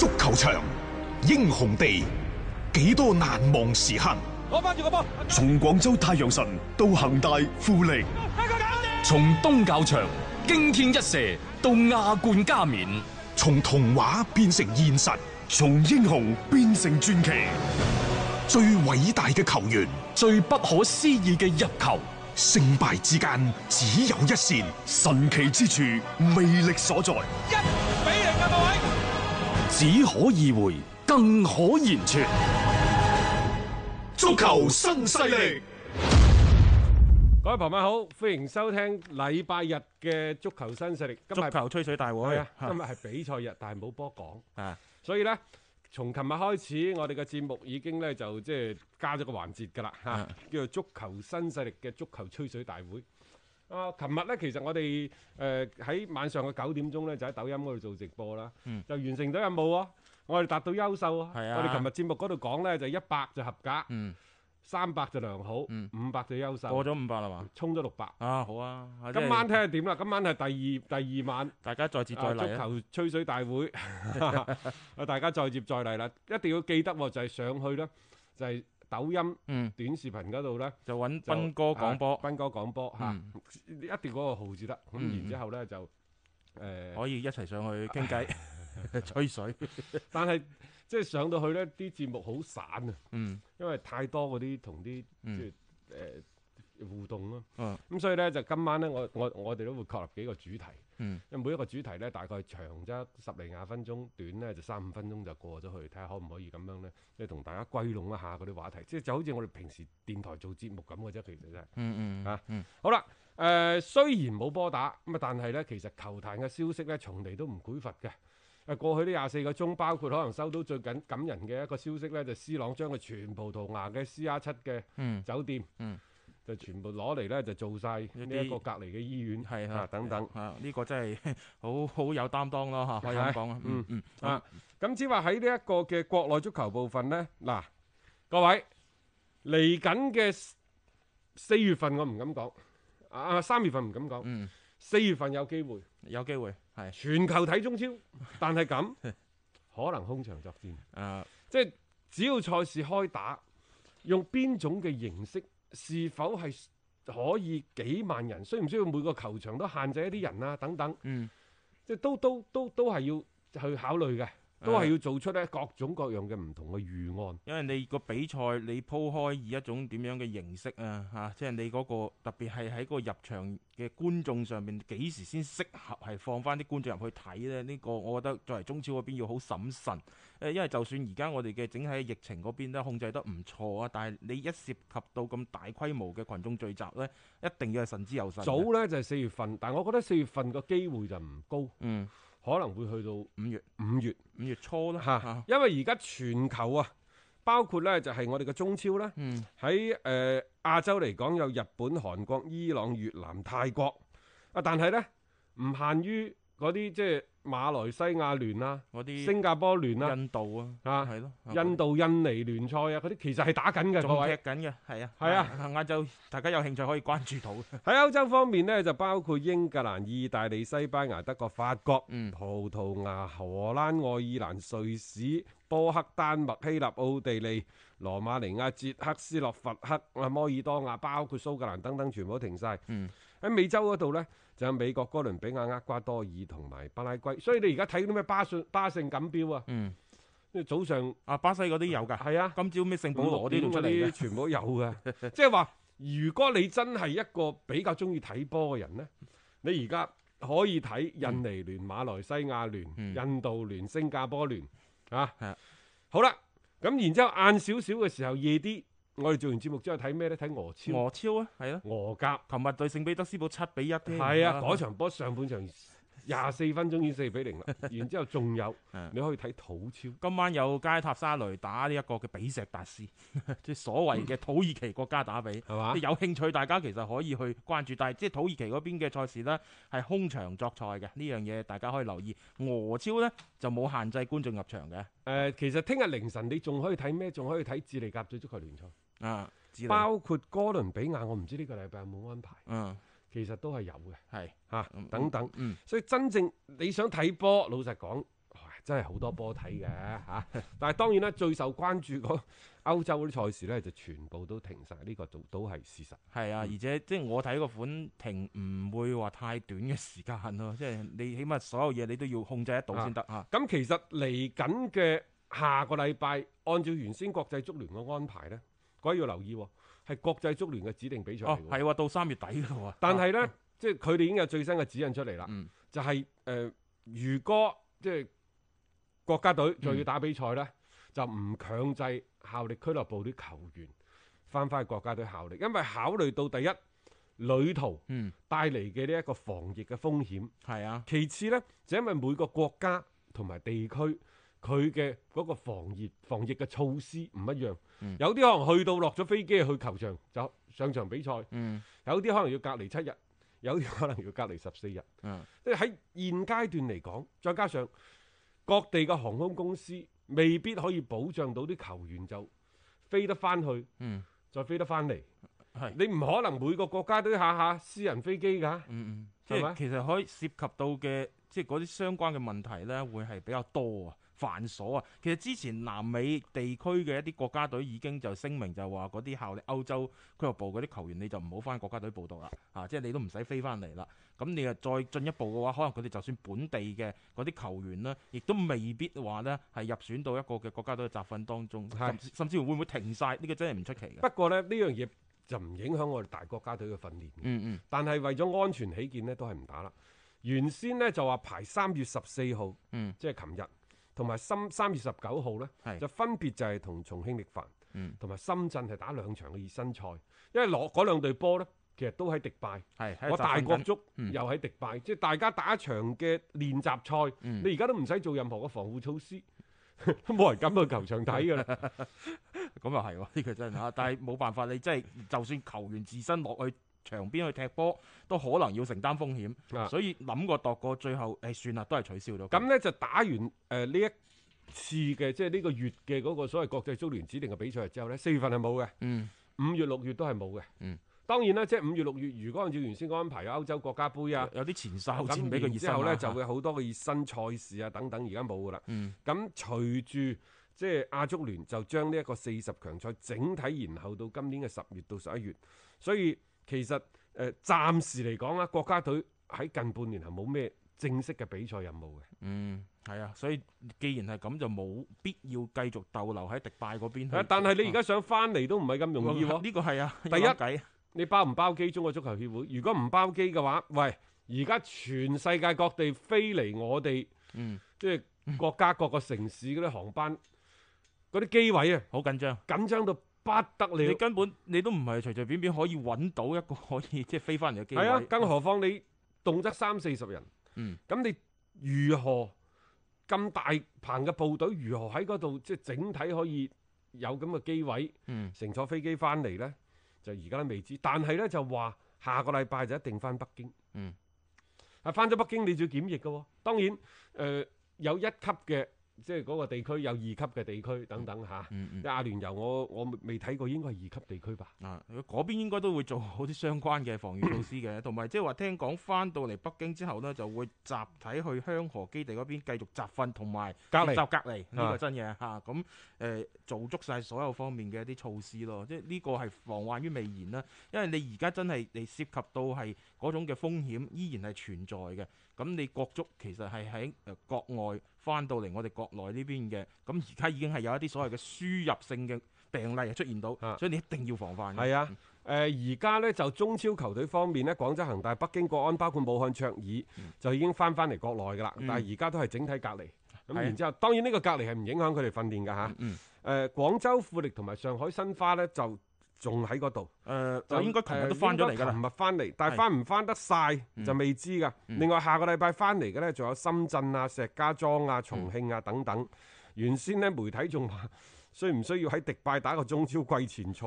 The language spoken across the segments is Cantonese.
足球場，英雄地，幾多難忘時刻。從廣州太陽神到恒大富力，從東較場驚天一射到亞冠加冕，從童話變成現實，從英雄變成傳奇。最偉大嘅球員，最不可思議嘅入球，勝敗之間只有一線，神奇之處魅力所在。一只可意會，更可言傳。足球新勢力，各位朋友好，歡迎收聽禮拜日嘅足球新勢力今日係。足球吹水大會，今日係比賽日， 但係冇波講。啊，所以咧，從琴日開始，我哋嘅節目已經咧就即係加咗個環節噶啦，吓，叫做足球新勢力嘅足球吹水大會。啊！琴日咧，其實我哋誒喺晚上嘅九點鐘咧，就喺抖音嗰度做直播啦，就完成咗任務喎。我哋達到優秀啊！係啊！我哋琴日節目嗰度講咧，就一百就合格，三百就良好，五百就優秀。過咗五百啦嘛？沖咗六百。啊，好啊！今晚聽下點啦？今晚係第二第二晚，大家再接再嚟啊！足球吹水大會，啊大家再接再嚟啦！一定要記得喎，就係上去啦，就係。抖音短視頻嗰度咧，就揾斌哥講波」。啊「斌哥講波」嗯，嚇、啊，一定嗰個號至得。咁、嗯、然之後咧就誒、呃、可以一齊上去傾偈 吹水但是。但係即係上到去咧，啲節目好散啊、嗯，因為太多嗰啲同啲誒。嗯誒互動咯，啊，咁、啊、所以咧就今晚咧，我我我哋都會確立幾個主題，因、嗯、為每一個主題咧大概長則十零廿分鐘，短咧就三五分鐘就過咗去，睇下可唔可以咁樣咧，即係同大家歸籠一下嗰啲話題，即係就好似我哋平時電台做節目咁嘅啫，其實真係，嗯嗯、啊、嗯，好啦，誒、呃、雖然冇波打咁啊，但係咧其實球壇嘅消息咧從嚟都唔匱乏嘅，誒、呃、過去呢廿四個鐘，包括可能收到最緊感人嘅一個消息咧，就 C、是、朗將佢全葡萄牙嘅 C R 七嘅酒店，嗯。嗯就全部攞嚟咧，就做晒呢一個隔離嘅醫院、啊，等等。啊，呢、啊這個真係好好有擔當咯、啊！吓、啊，可以咁講啊。嗯嗯啊，咁、啊、只話喺呢一個嘅國內足球部分咧，嗱，各位嚟緊嘅四月份我，我唔敢講啊，三月份唔敢講。嗯，四月份有機會，有機會係全球睇中超，但係咁 可能空場作戰。啊，即係只要賽事開打，用邊種嘅形式？是否是可以幾萬人？需唔需要每個球場都限制一啲人啊？等等，即係、嗯、都都都都係要去考慮嘅。都係要做出咧各種各樣嘅唔同嘅預案，嗯，因為你個比賽你鋪開以一種點樣嘅形式啊，嚇，啊，即係你嗰個特別係喺個入場嘅觀眾上面，幾時先適合係放翻啲觀眾入去睇咧？呢個我覺得作為中超嗰邊要好審慎，誒，因為就算而家我哋嘅整體疫情嗰邊都控制得唔錯啊，但係你一涉及到咁大規模嘅群眾聚集呢，一定要慎之又慎。早呢就係四月份，但係我覺得四月份個機會就唔高。嗯。可能會去到五月、五月、五月、五月初啦，嚇、啊！因為而家全球啊，包括咧就係、是、我哋嘅中超啦，喺、嗯、誒、呃、亞洲嚟講有日本、韓國、伊朗、越南、泰國啊，但係咧唔限於。嗰啲即係馬來西亞聯啦、啊，嗰啲、啊、新加坡聯啦、啊，印度啊嚇，係、啊、咯，印度印尼聯賽啊，嗰啲其實係打緊嘅，仲踢緊嘅，係啊，係啊，晏晝大家有興趣可以關注到。喺歐洲方面呢，就包括英格蘭、意大利、西班牙、德國、法國、嗯、葡萄牙、荷蘭、愛爾蘭、瑞士、波克丹麥、希臘、奧地利、羅馬尼亞、捷克斯洛伐克啊、摩爾多瓦，包括蘇格蘭等等，全部都停晒。嗯。喺美洲嗰度咧，就有美國、哥倫比亞、厄瓜多爾同埋巴拉圭，所以你而家睇啲咩巴聖巴聖錦標啊，嗯，早上阿、啊、巴西嗰啲有噶，係啊，今朝咩聖保羅啲全部都有㗎，即係話如果你真係一個比較中意睇波嘅人咧，你而家可以睇印尼聯、嗯、馬來西亞聯、嗯、印度聯、新加坡聯，啊，係啊，好啦，咁然之後晏少少嘅時候夜啲。我哋做完節目之後睇咩咧？睇俄超，俄超啊，係咯、啊。俄甲，琴日對聖彼得斯堡七比一嘅。係啊，嗰場波上半場廿四分鐘已四比零啦。 然之後仲有，你可以睇土超。今晚有街塔沙雷打呢一個嘅比錫達斯，即 係所謂嘅土耳其國家打比係嘛？ 有興趣大家其實可以去關注，但係即係土耳其嗰邊嘅賽事咧係空場作賽嘅呢樣嘢，大家可以留意。俄超咧就冇限制觀眾入場嘅。誒、呃，其實聽日凌晨你仲可以睇咩？仲可以睇智利甲最足球聯賽。啊，包括哥倫比亞，我唔知呢個禮拜有冇安排。嗯、啊，其實都係有嘅，係嚇、啊嗯嗯、等等。嗯，所以真正你想睇波，老實講，真係好多波睇嘅嚇。但係當然啦， 最受關注嘅歐洲嗰啲賽事呢，就全部都停晒。呢、這個都都係事實。係啊、嗯，而且即係、就是、我睇個款停唔會話太短嘅時間咯、啊，即、就、係、是、你起碼所有嘢你都要控制得到先得嚇。咁、啊啊、其實嚟緊嘅下個禮拜，按照原先國際足聯嘅安排呢，各位要留意喎，係國際足聯嘅指定比賽嚟。係、哦、喎、啊，到三月底啦、啊、但係咧，即係佢哋已經有最新嘅指引出嚟啦。嗯。就係、是、誒、呃，如果即係、就是、國家隊就要打比賽咧、嗯，就唔強制效力俱樂部啲球員翻返去國家隊效力，因為考慮到第一旅途帶嚟嘅呢一個防疫嘅風險。係、嗯、啊。其次咧，就因為每個國家同埋地區。佢嘅嗰個防疫防疫嘅措施唔一樣，嗯、有啲可能去到落咗飛機去球場就上場比賽，嗯、有啲可能要隔離七日，有啲可能要隔離十四日。即係、嗯、喺現階段嚟講，再加上各地嘅航空公司未必可以保障到啲球員就飛得翻去、嗯，再飛得翻嚟、係。你唔可能每個國家都下下私人飛機㗎。即係、嗯嗯、其實可以涉及到嘅，即係嗰啲相關嘅問題咧，會係比較多啊。繁瑣啊！其實之前南美地區嘅一啲國家隊已經就聲明，就話嗰啲效力歐洲俱樂部嗰啲球員，你就唔好翻國家隊報到啦。啊，即係你都唔使飛翻嚟啦。咁你又再進一步嘅話，可能佢哋就算本地嘅嗰啲球員呢，亦都未必話呢係入選到一個嘅國家隊嘅集訓當中。甚至乎會唔會停晒？呢個真係唔出奇嘅。不過呢，呢樣嘢就唔影響我哋大國家隊嘅訓練。嗯嗯。但係為咗安全起見呢，都係唔打啦。原先呢就話排三月十四號，嗯，即係琴日。同埋深三月十九號咧，就分別就係同重慶力帆，同、嗯、埋深圳係打兩場嘅熱身賽，因為落嗰兩隊波咧，其實都喺迪拜，我大國足又喺迪拜，嗯、即係大家打一場嘅練習賽，嗯、你而家都唔使做任何嘅防護措施，都、嗯、冇 人敢去球場睇㗎啦，咁又係喎，呢個真係吓，但係冇辦法， 你真係就算球員自身落去場邊去踢波都可能要承擔風險，所以諗過度過，最後、哎、算啦，都係取消咗。咁呢就打完、呃、呢一次嘅，即係呢個月嘅嗰個所謂國際足聯指定嘅比賽之後呢，四月份係冇嘅，五月、嗯、六月都係冇嘅。嗯，當然啦，即係五月六月，如果按照原先嘅安排，歐洲國家杯啊，有啲前哨戰俾佢，然之後呢就會好多嘅熱身賽事啊、啊等等，而家冇噶啦。咁隨住即係亞足聯就將呢一個四十強賽整體延後到今年嘅十月到十一月，所以。其實誒、呃、暫時嚟講啦，國家隊喺近半年係冇咩正式嘅比賽任務嘅。嗯，係啊，所以既然係咁，就冇必要繼續逗留喺迪拜嗰邊係、啊。但係你而家想翻嚟都唔係咁容易呢、啊啊呢個係啊，第一計你包唔包機？中國足球協會，如果唔包機嘅話，喂，而家全世界各地飛嚟我哋，嗯，即、就、係、是、國家各個城市嗰啲航班嗰啲機位啊，好緊張，緊張到～不得了！你根本你都唔係隨隨便便可以揾到一個可以即係、就是、飛翻嚟嘅機位。係啊，更何況你動得三四十人，咁、嗯、你如何咁大棚嘅部隊如何喺嗰度即係整體可以有咁嘅機位、嗯，乘坐飛機翻嚟咧？就而家都未知。但係咧就話下個禮拜就一定翻北京。嗯，啊翻咗北京你就要檢疫㗎、哦。當然，誒、呃、有一級嘅。即係嗰個地區有二級嘅地區等等嚇，即係阿聯酋，我我未睇過應該係二級地區吧。嗱、啊，嗰邊應該都會做好啲相關嘅防禦措施嘅，同埋即係話聽講返到嚟北京之後呢，就會集體去香河基地嗰邊繼續集訓同埋隔離隔離呢、呢個真嘢嚇。咁誒、啊啊呃、做足晒所有方面嘅一啲措施咯，即係呢個係防患於未然啦。因為你而家真係你涉及到係，嗰種嘅風險依然係存在嘅，咁你國足其實係喺誒國外翻到嚟我哋國內呢邊嘅，咁而家已經係有一啲所謂嘅輸入性嘅病例出現到、啊，所以你一定要防範的。係啊，誒而家呢就中超球隊方面呢，廣州恒大、北京國安包括武漢卓爾、嗯、就已經翻翻嚟國內噶啦，但係而家都係整體隔離。咁、嗯、然之後、啊，當然呢個隔離係唔影響佢哋訓練㗎嚇。誒、啊嗯嗯呃、廣州富力同埋上海申花呢就。仲喺嗰度，誒、呃、就應該同日都翻咗嚟㗎啦。琴日翻嚟，但係翻唔翻得晒，就未知㗎，嗯。另外下個禮拜翻嚟嘅咧，仲有深圳啊、石家莊啊、重慶啊等等。嗯、原先咧媒體仲話。需唔需要喺迪拜打個中超季前賽？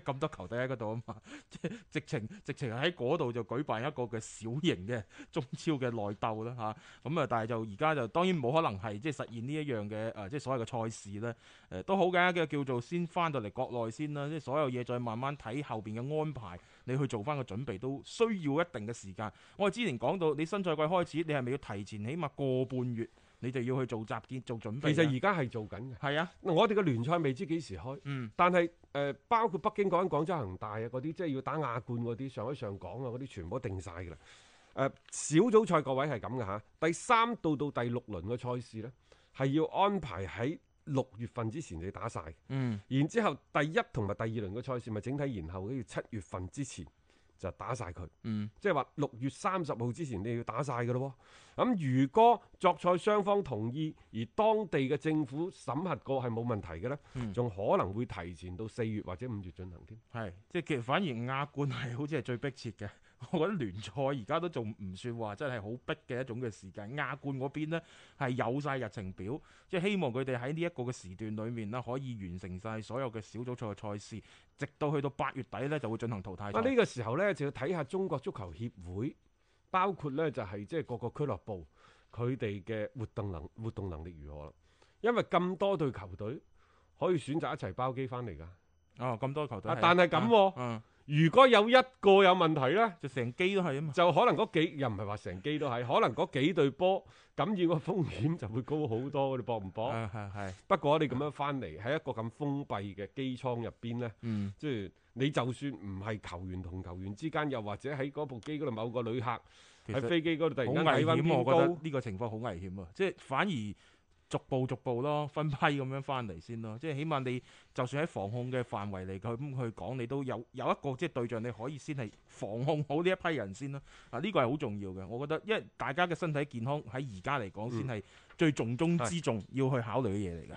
咁 多球隊喺嗰度啊嘛，即係直情直情喺嗰度就舉辦一個嘅小型嘅中超嘅內鬥啦，吓咁啊！但係就而家就當然冇可能係即係實現呢一樣嘅誒、啊，即係所謂嘅賽事啦。誒、啊，都好嘅，叫叫做先翻到嚟國內先啦，即係所有嘢再慢慢睇後邊嘅安排，你去做翻個準備都需要一定嘅時間。我哋之前講到，你新賽季開始，你係咪要提前起碼個半月？你哋要去做集結做準備，其實而家係做緊嘅。係啊，我哋嘅聯賽未知幾時開，嗯，但係、呃、包括北京講緊廣州恒大啊，嗰啲即係要打亞冠嗰啲，上海上港啊嗰啲，全部都定晒㗎啦。小組賽各位係咁嘅吓，第三到到第六輪嘅賽事咧係要安排喺六月份之前你打晒。嗯，然之後第一同埋第二輪嘅賽事咪整體延後，要七月份之前。就打晒佢，即係話六月三十號之前你要打晒㗎咯喎。咁如果作賽雙方同意，而當地嘅政府審核過係冇問題嘅呢，仲、嗯、可能會提前到四月或者五月進行添。係，即係其實反而亞冠係好似係最逼切嘅。我覺得聯賽而家都仲唔算話，真係好逼嘅一種嘅時間。亞冠嗰邊呢，係有晒日程表，即係希望佢哋喺呢一個嘅時段裡面呢，可以完成晒所有嘅小組賽嘅賽事，直到去到八月底呢就會進行淘汰賽。呢、這個時候呢，就要睇下中國足球協會，包括呢就係即係各個俱樂部佢哋嘅活動能活動能力如何啦。因為咁多隊球隊可以選擇一齊包機翻嚟噶。哦，咁多球隊，但係咁、啊，啊啊如果有一個有問題咧，就成機都係啊嘛，就可能嗰幾又唔係話成機都係， 可能嗰幾隊波感染個風險就會高好多。 你搏唔搏？係係係。不過你咁樣翻嚟喺一個咁封閉嘅機艙入邊咧，即、嗯、係、就係、你就算唔係球員同球員之間，又或者喺嗰部機嗰度某個旅客喺飛機嗰度突然間體温偏高，呢個情況好危險啊！即、就、係、係、反而。逐步逐步咯，分批咁樣翻嚟先咯，即係起碼你就算喺防控嘅範圍嚟去咁去講，你都有有一個即係對象，你可以先係防控好呢一批人先啦。啊，呢個係好重要嘅，我覺得，因為大家嘅身體健康喺而家嚟講，先係最重中之重、嗯、要去考慮嘅嘢嚟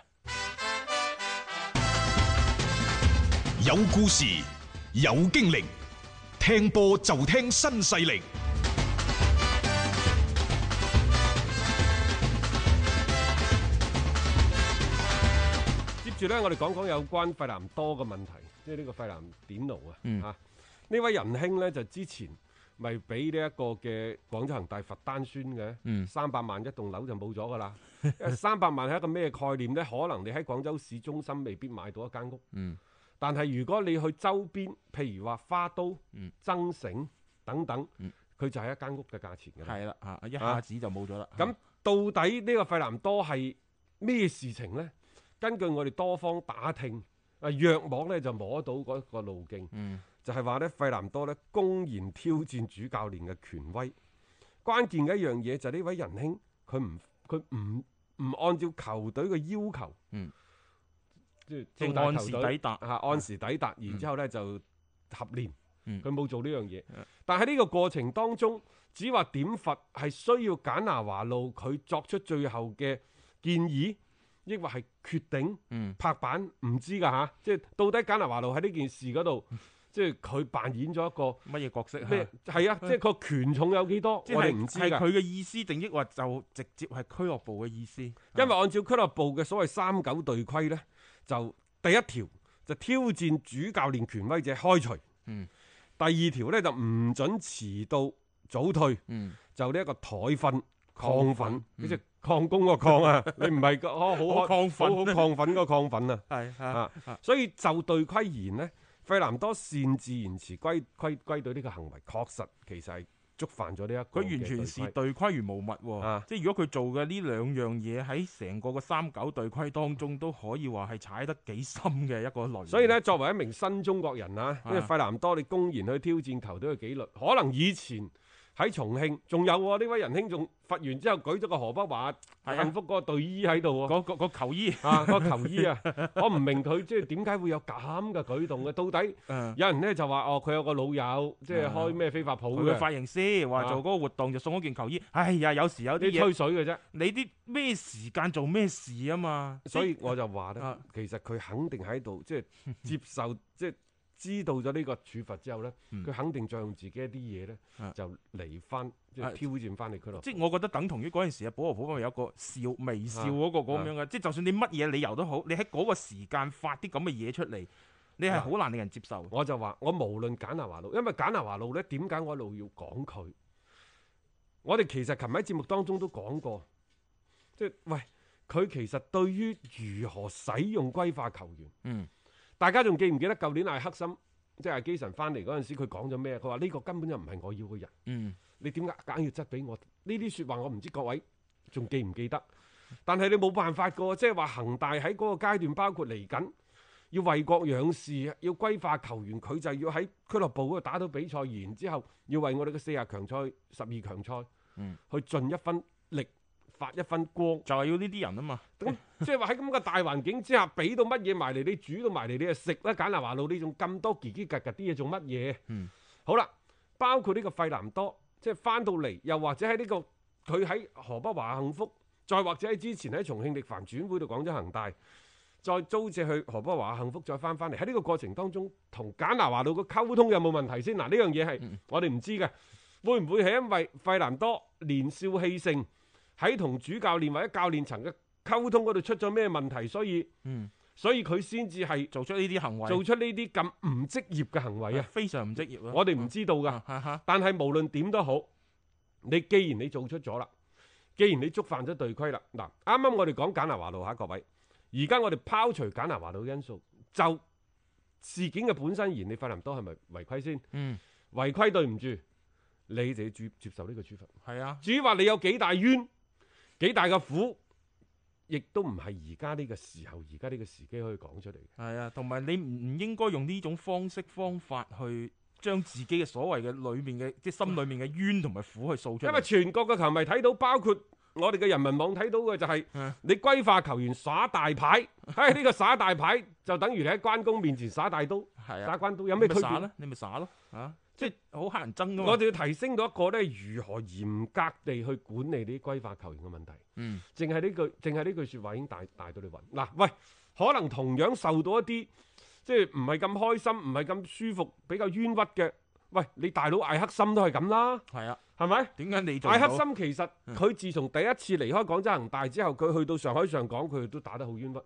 㗎。有故事，有精靈，聽播就聽新勢力。住咧，我哋講講有關費南多嘅問題，即係、嗯啊、呢個費南點奴啊吓。呢位仁兄咧就之前咪俾呢一個嘅廣州恆大罰單宣嘅，三、嗯、百萬一棟樓就冇咗噶啦。三 百萬係一個咩概念咧？可能你喺廣州市中心未必買到一間屋，嗯、但係如果你去周邊，譬如話花都、嗯、增城等等，佢、嗯、就係一間屋嘅價錢嘅。係啦，吓一下子就冇咗啦。咁、啊嗯、到底呢個費南多係咩事情咧？根據我哋多方打聽，啊，弱網咧就摸到嗰個路徑，嗯、就係話咧費南多咧公然挑戰主教練嘅權威。關鍵嘅一樣嘢就係呢位仁兄，佢唔佢唔唔按照球隊嘅要求，即係按時抵達嚇，按時抵達，啊抵達嗯、然之後咧就合練，佢、嗯、冇做呢樣嘢。但喺呢個過程當中，只話點罰係需要簡拿華路佢作出最後嘅建議。抑或係決定拍板唔、嗯、知㗎吓，即係到底簡拿華路喺呢件事嗰度，即係佢扮演咗一個乜嘢角色？咩係啊？即係個權重有幾多少、就是？我哋唔知係佢嘅意思定抑或就直接係俱樂部嘅意思？因為按照俱樂部嘅所謂三九隊規咧，是啊、就第一條就挑戰主教練權威者開除，嗯、第二條咧就唔准遲到早退，嗯、就呢一個台訓。抗粉，呢、嗯、就抗攻個抗啊！ 你唔係個好抗粉抗粉個抗粉啊！係 啊，啊，啊，所以就隊規而言呢，費南多擅自延遲歸歸歸隊呢個行為，確實其實係觸犯咗呢一，佢完全視對規如無物喎、啊啊。即係如果佢做嘅呢兩樣嘢喺成個嘅三九隊規當中，都可以話係踩得幾深嘅一個雷。所以呢，作為一名新中國人啊，啊因為費南多你公然去挑戰球隊嘅紀律，可能以前。喺重慶，仲有呢、啊、位仁兄，仲發完之後舉咗個河北話、啊、幸福嗰隊、啊那個、衣喺度喎，嗰、啊那個、球衣啊，嗰球衣啊，我唔明佢即係點解會有咁嘅舉動嘅、啊，到底有人咧就話哦，佢有個老友即係、就是、開咩飛髮鋪嘅髮型師，話做嗰個活動就送我件球衣，哎呀，有時候有啲吹水嘅啫，你啲咩時間做咩事啊嘛，所以我就話咧、啊，其實佢肯定喺度即係接受即係。就是知道咗呢個處罰之後咧，佢、嗯、肯定再用自己一啲嘢咧，就離翻，即、嗯、係、就是、挑戰翻嚟佢咯。即係我覺得等同於嗰陣時啊，保羅普有個笑微笑嗰、那個咁、嗯、樣嘅，即、嗯、係就算你乜嘢理由都好，你喺嗰個時間發啲咁嘅嘢出嚟，你係好難令人接受、嗯。我就話我無論簡南華路，因為簡南華路咧，點解我一路要講佢？我哋其實琴日喺節目當中都講過，即、就、係、是、喂，佢其實對於如何使用歸化球員，嗯。大家仲記唔記得舊年艾克森，即係阿基神翻嚟嗰陣時佢講咗咩？佢話呢個根本就唔係我要嘅人。嗯，你點解硬要質俾我？呢啲說話我唔知各位仲記唔記得？但係你冇辦法過，即係話恒大喺嗰個階段，包括嚟緊要為國養士，要歸化球員，佢就要喺俱樂部嗰度打到比賽，然之後要為我哋嘅四十強賽、十二強賽，嗯，去盡一分力。發一分光就係要呢啲人啊嘛，咁即係話喺咁個大環境之下，俾到乜嘢埋嚟，你煮到埋嚟，你就食啦。簡拿華路，你仲咁多嘰嘰格格啲嘢做乜嘢？嗯，好啦，包括呢個費南多，即係翻到嚟，又或者喺呢、這個佢喺河北華幸福，再或者喺之前喺重慶力帆轉會到廣州恒大，再租借去河北華幸福再，再翻翻嚟喺呢個過程當中，同簡拿華路嘅溝通有冇問題先？嗱、啊，呢樣嘢係我哋唔知嘅、嗯，會唔會係因為費南多年少氣盛？喺同主教練或者教練層嘅溝通嗰度出咗咩問題，所以、嗯、所以佢先至係做出呢啲行為，做出呢啲咁唔職業嘅行為啊！非常唔職業啊！我哋唔知道噶、嗯，但係無論點都好，你既然你做出咗啦，既然你觸犯咗隊規啦，嗱，啱啱我哋講簡南華路吓，各位，而家我哋拋除簡南華路嘅因素，就事件嘅本身而言，你費南多係咪違規先？嗯，違規，對唔住，你就要接接受呢個處罰。係啊，至於話你有幾大冤？幾大嘅苦，亦都唔係而家呢個時候，而家呢個時機可以講出嚟嘅。係啊，同埋你唔唔應該用呢種方式方法去將自己嘅所謂嘅裏面嘅即係心裏面嘅冤同埋苦去掃出嚟。因為全國嘅球迷睇到，包括我哋嘅人民網睇到嘅就係，你歸化球員耍大牌，唉呢、哎這個耍大牌就等於你喺關公面前耍大刀，係耍關刀，有咩區別咧？你咪耍咯，好、啊、我哋要提升到一個咧，如何嚴格地去管理啲歸化球員嘅問題。嗯，淨係呢句，淨係呢句説話已經帶帶到你暈。嗱、啊，喂，可能同樣受到一啲即係唔係咁開心、唔係咁舒服、比較冤屈嘅。喂，你大佬艾克森都係咁啦，係啊，係咪？點解你做？艾克森其實佢自從第一次離開廣州恒大之後，佢去到上海上港，佢都打得好冤屈。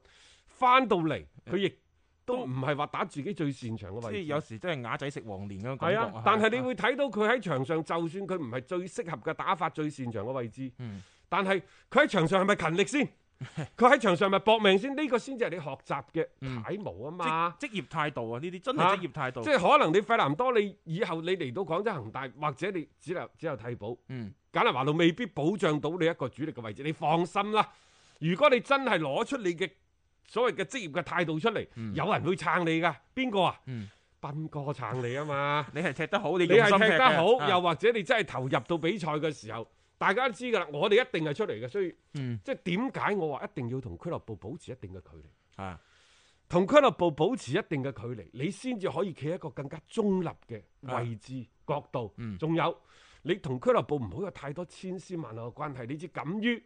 翻到嚟，佢亦～都唔係話打自己最擅長嘅位置，即係有時真係啞仔食黃連啊。咁樣感覺。係啊，但係你會睇到佢喺場上，啊、就算佢唔係最適合嘅打法、啊、最擅長嘅位置，嗯、但係佢喺場上係咪勤力先？佢 喺場上係咪搏命先？呢、呢個先至係你學習嘅楷模啊嘛職，職業態度啊，呢啲真係職業態度。啊啊、即係可能你費南多，你以後你嚟到廣州恒大，或者你只能只有替補，簡拿、嗯、華路未必保障到你一個主力嘅位置。你放心啦，如果你真係攞出你嘅。所謂嘅職業嘅態度出嚟、嗯，有人會撐你噶，邊個啊？斌哥撐你啊嘛！ 你係踢得好，你係踢得好、啊，又或者你真係投入到比賽嘅時候，大家都知噶啦。我哋一定係出嚟嘅，所以即係點解我話一定要同俱樂部保持一定嘅距離？啊，同俱樂部保持一定嘅距離，你先至可以企一個更加中立嘅位置、啊、角度。仲、啊嗯、有你同俱樂部唔好有太多千絲萬縷嘅關係，你先敢於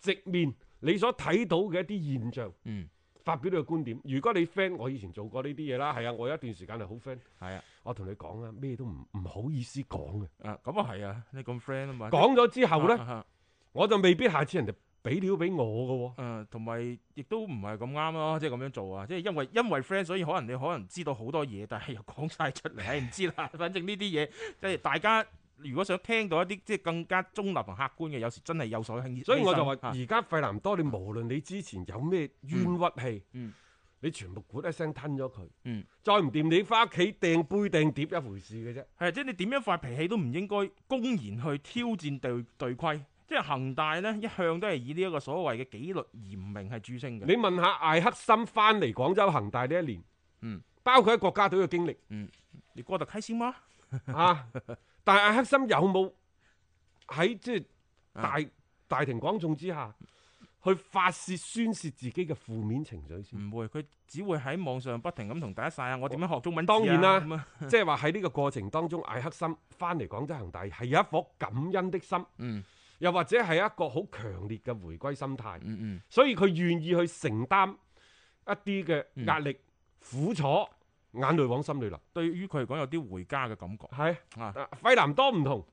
直面你所睇到嘅一啲現象。嗯。發表你嘅觀點。如果你 friend，我以前做過呢啲嘢啦，係啊，我有一段時間係好 friend，係啊，我同你講啊，咩都唔唔好意思講嘅。啊，咁啊係啊，你咁 friend 啊嘛。講咗之後咧，我就未必下次人哋俾料俾我嘅喎。誒，同埋亦都唔係咁啱咯，即係咁樣做啊，即係因為因為 friend，所以可能你可能知道好多嘢，但係又講晒出嚟，唔知啦。 反正呢啲嘢即係大家。如果想聽到一啲即係更加中立同客觀嘅，有時真係有所輕易。所以我就話，而家費南多你，你無論你之前有咩冤屈氣，嗯嗯、你全部估一聲吞咗佢、嗯，再唔掂你翻屋企掟杯掟碟一回事嘅啫。係，即係你點樣發脾氣都唔應該公然去挑戰隊隊規。即係恒大呢，一向都係以呢一個所謂嘅紀律嚴明係著稱嘅。你問下艾克森翻嚟廣州恒大呢一年，嗯、包括喺國家隊嘅經歷，嗯、你過得開心嗎？啊！ 但係艾克森有冇喺即係大大庭廣眾之下、啊、去發洩宣泄自己嘅負面情緒先？唔會，佢只會喺網上不停咁同大家晒我點樣學中文、啊？當然啦， 即係話喺呢個過程當中，艾克森翻嚟廣州恒大係有一顆感恩的心，嗯，又或者係一個好強烈嘅回歸心態，嗯嗯，所以佢願意去承擔一啲嘅壓力、嗯、苦楚。眼淚往心裏流，對於佢嚟講有啲回家嘅感覺。係，啊，費南多唔同，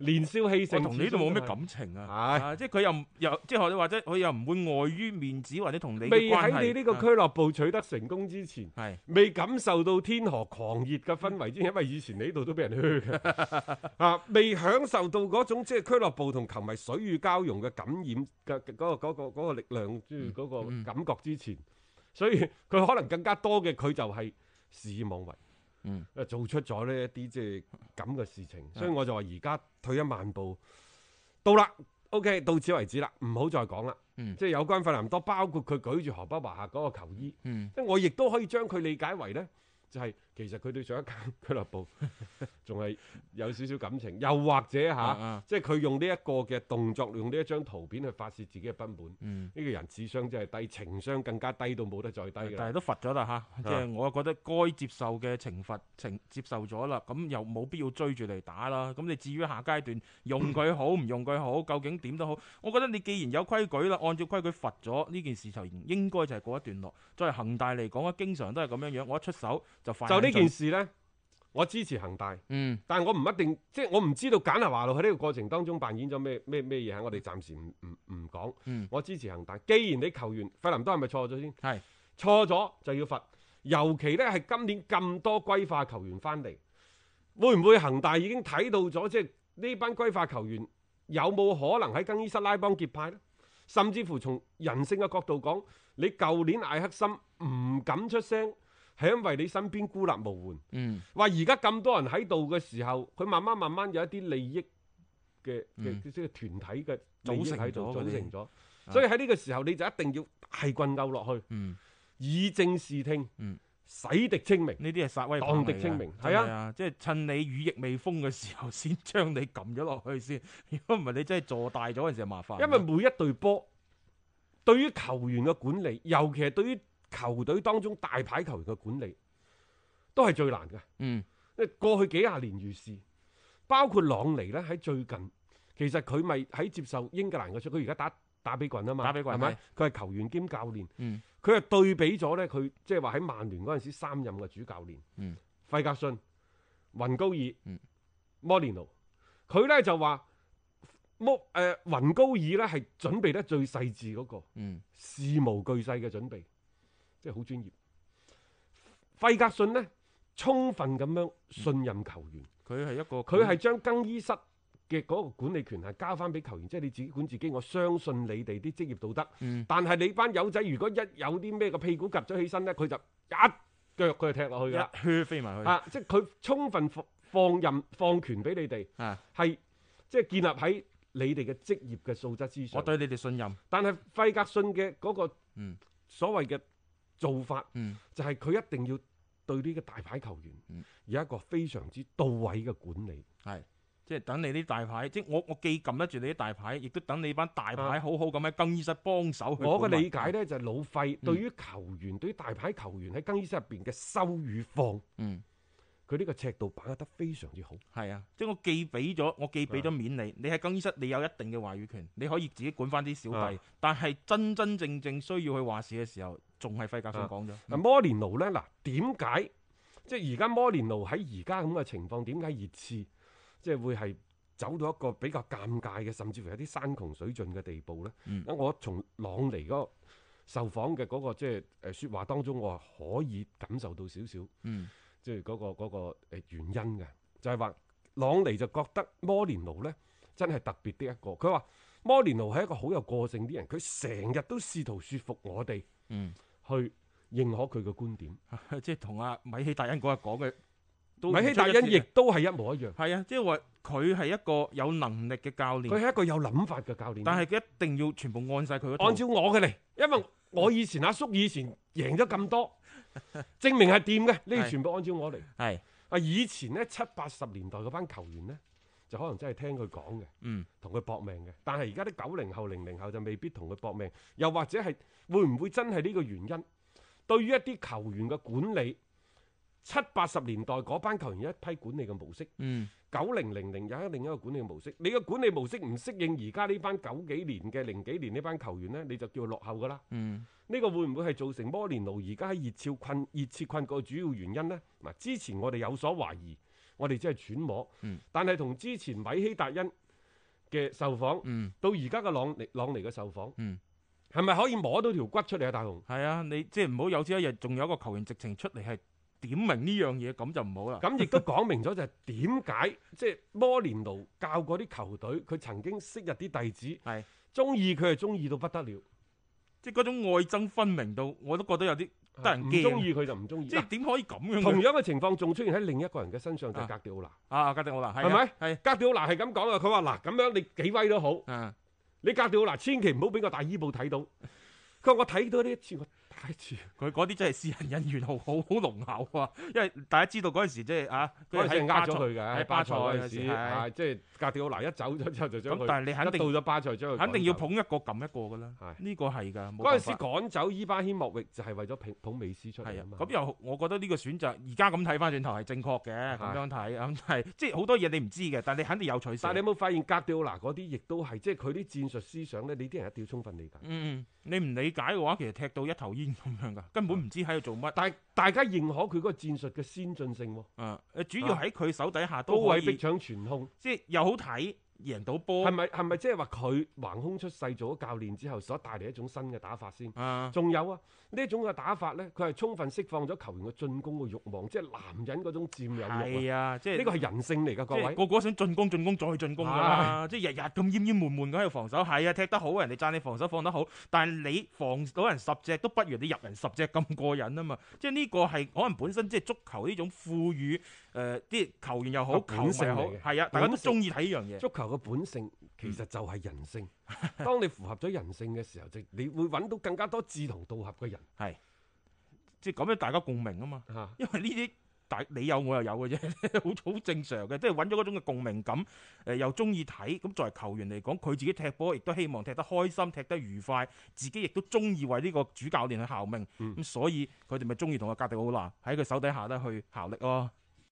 年少氣盛，同你度冇咩感情啊。係，即係佢又又即係話或者佢又唔會礙於面子或者同你未喺你呢個俱樂部取得成功之前，係未感受到天河狂熱嘅氛圍之前，因為以前呢度都俾人噓啊，未享受到嗰種即係俱樂部同球迷水乳交融嘅感染嘅嗰個嗰個嗰個嗰個力量，嗰個感覺之前。所以佢可能更加多嘅，佢就係恣意妄為，嗯，誒做出咗呢一啲即係咁嘅事情，嗯。所以我就話而家退一萬步到啦，OK，到此為止啦，唔好再講啦。嗯，即係有關費南多，包括佢舉住河北華夏嗰個球衣，嗯，我亦都可以將佢理解為咧，就係、是。其實佢對上一間俱樂部仲係有少少感情， 又或者嚇、啊啊，即係佢用呢一個嘅動作，用呢一張圖片去發泄自己嘅不滿。呢、嗯呢個人智商真係低，情商更加低到冇得再低了。但係都罰咗啦嚇，即、啊、係、就是、我覺得該接受嘅懲罰，懲、啊、接受咗啦，咁又冇必要追住嚟打啦。咁你至於下階段用佢好唔用佢好， 究竟點都好，我覺得你既然有規矩啦，按照規矩罰咗呢件事就應該就係過一段落。作為恒大嚟講啊，經常都係咁樣樣，我一出手就呢件事呢，我支持恒大。嗯，但係我唔一定，即係我唔知道簡立華喺呢個過程當中扮演咗咩咩咩嘢。我哋暫時唔唔講。我支持恒大。既然你球員費南多係咪錯咗先？係錯咗就要罰。尤其呢係今年咁多歸化球員翻嚟，會唔會恒大已經睇到咗？即係呢班歸化球員有冇可能喺更衣室拉幫結派呢？甚至乎從人性嘅角度講，你舊年艾克森唔敢出聲。係因為你身邊孤立無援，話而家咁多人喺度嘅時候，佢慢慢慢慢有一啲利益嘅嘅即係團體嘅組成喺度，組成咗、啊。所以喺呢個時候你就一定要大棍鬥落去、啊嗯，以正視聽，嗯、洗敵清明。呢啲係殺威棒，敵清明係啊，即、就、係、是、趁你羽翼未豐嘅時候，先將你撳咗落去先。如果唔係，你真係坐大咗，嗰陣時就麻煩。因為每一隊波對於球員嘅管理，尤其係對於。球隊當中大牌球員嘅管理都係最難嘅。嗯，因為過去幾廿年如是，包括朗尼咧喺最近，其實佢咪喺接受英格蘭嘅。佢而家打打比郡啊嘛，打比郡係咪？佢係球員兼教練。佢、嗯、係對比咗咧，佢即係話喺曼聯嗰陣時候三任嘅主教練，嗯、費格遜、雲高爾、嗯、摩連奴。佢咧就話摩誒、呃、雲高爾咧係準備得最細緻嗰、嗰個、嗯，事無巨細嘅準備。即係好專業。費格遜咧，充分咁樣信任球員。佢，嗯，係一個，佢係將更衣室嘅嗰個管理權係交翻俾球員。即係你自己管自己，我相信你哋啲職業道德。嗯。但係你班友仔，如果一有啲咩個屁股夾咗起身咧，佢就一腳佢就踢落去噶啦，血飛埋去。啊！即係佢充分放放任放權俾你哋，係即係建立喺你哋嘅職業嘅素質之上。我對你哋信任。但係費格遜嘅嗰個，所謂嘅。做法，嗯、就係、是，佢一定要對呢個大牌球員有一個非常之到位嘅管理，嗯，係即係等你啲大牌，即、就、係、是、我我既撳得，得住你啲大牌，亦都等你班大牌好好咁喺更衣室幫手去。我嘅理解呢，就係、是、老費對於球、嗯、球員，對於大牌球員喺更衣室入邊嘅收與放，嗯，佢呢個尺度把握得非常之好，嗯。係啊，即、就、係、是、我既俾咗我既俾咗面你，你喺更衣室你有一定嘅話語權，你可以自己管翻啲小弟，嗯，但係真真正正需要去話事嘅時候。仲係費格孫講咗。嗱、啊嗯啊、摩連奴咧，嗱，點解即係而家摩連奴喺而家咁嘅情況，點解熱刺即係、就是、會係走到一個比較尷尬嘅，甚至乎有啲山窮水盡嘅地步咧？啊、嗯，我從朗尼嗰、那個受訪嘅嗰、那個即係誒説話當中，我係可以感受到少少，即係嗰個嗰、那個、原因嘅，就係、是、話朗尼就覺得摩連奴咧真係特別的一個。佢話摩連奴係一個好有個性啲人，佢成日都試圖説服我哋。嗯去認可佢嘅觀點， 即係同阿米希大恩嗰日講嘅，米希大恩亦都係一模一樣。係啊，即係話佢係一個有能力嘅教練，佢係一個有諗法嘅教練。但係佢一定要全部按晒佢按照我嘅嚟，因為我以前 阿叔以前贏咗咁多，證明係掂嘅。呢 啲全部按照我嚟。係啊，以前咧七八十年代嗰班球員咧。就可能真係聽佢講嘅，同佢搏命嘅。但係而家啲九零後、零零後就未必同佢搏命，又或者係會唔會真係呢個原因？對於一啲球員嘅管理，七八十年代嗰班球員有一批管理嘅模式，九零零零有一另一個管理嘅模式。你嘅管理模式唔適應而家呢班九幾年嘅、零幾年呢班球員呢，你就叫佢落後㗎啦。呢、嗯呢個會唔會係造成摩連奴而家喺熱刺困、熱刺困個主要原因呢？嗱，之前我哋有所懷疑。我哋只係揣摩，但係同之前米希達恩嘅受訪，嗯、到而家嘅朗尼朗尼嘅受訪，係、嗯、咪可以摸到條骨出嚟啊？大雄，係啊，你即係唔好有朝一日仲有一個球員直情出嚟係點明呢樣嘢，咁就唔好啦。咁亦都講明咗就係點解即係摩連奴教嗰啲球隊，佢曾經昔日啲弟子，係中意佢係中意到不得了，即係嗰種愛憎分明到我都覺得有啲得人驚，唔中意佢就唔中意。即係點可以咁樣？同樣嘅情況仲出現喺另一個人嘅身上，就是、格迪奧拿啊，啊，格迪奧拿，係咪？係格迪奧拿係咁講啊！佢話嗱，咁、啊、樣你幾威都好，啊、你格迪奧拿千祈唔好俾個大醫部睇到。佢我睇到呢一次，我睇住佢嗰啲真係私人恩怨，好好濃厚啊！因為大家知道嗰陣時即係啊，佢係呃咗佢嘅喺巴塞、啊、時，巴時，巴時，即係格迪奧拿一走咗之後就將佢一到咗巴塞之後，肯定要捧一個撳一個噶啦。呢、這個係噶，嗰陣時趕走伊巴謙莫域就係為咗捧，捧美斯出嚟啊嘛。咁、啊、又我覺得呢個選擇而家咁睇翻轉頭係正確嘅，咁樣睇咁係即係好多嘢你唔知嘅，但係你，你肯定有取捨。但係你有冇發現格迪奧拿嗰啲亦都係即係佢啲戰術思想咧？你啲人一定要充分理解。嗯。你唔理解嘅話，其實踢到一頭煙咁樣㗎，根本唔知喺度做乜、嗯。但大家認可佢嗰個戰術嘅先進性喎、嗯啊。主要喺佢手底下都，高位逼搶、傳控，即又好睇。贏到波，係咪係咪即係話佢橫空出世做咗教練之後所帶嚟一種新嘅打法先？啊，仲有啊，呢種嘅打法咧，佢係充分釋放咗球員嘅進攻嘅慾望，即、就、係、是、男人嗰種佔有慾啊！即係呢個係人性嚟㗎、就是，各位個個想進攻進攻再進攻㗎啦、哎！即係日日咁奄奄悶悶咁喺度防守，係啊，踢得好人哋讚你防守放得好，但係你防到人十隻都不如你入人十隻咁過癮啊嘛！即係呢個係可能本身即係足球呢種賦予。誒、呃，啲球員又好，本性好係啊，大家都中意睇呢樣嘢。足球嘅本性其實就係人性，嗯。當你符合咗人性嘅時候，就 你會揾到更加多志同道合嘅人，係即係咁樣大家共鳴啊嘛。因為呢啲大你有我又有嘅啫，好好正常嘅，即係揾咗嗰種嘅共鳴感。誒、呃，又中意睇，咁作為球員嚟講，佢自己踢波亦都希望踢得開心、踢得愉快，自己亦都中意為呢個主教練去效命。咁，嗯嗯、所以佢哋咪中意同阿格迪奧拿喺佢手底下咧去效力咯，哦。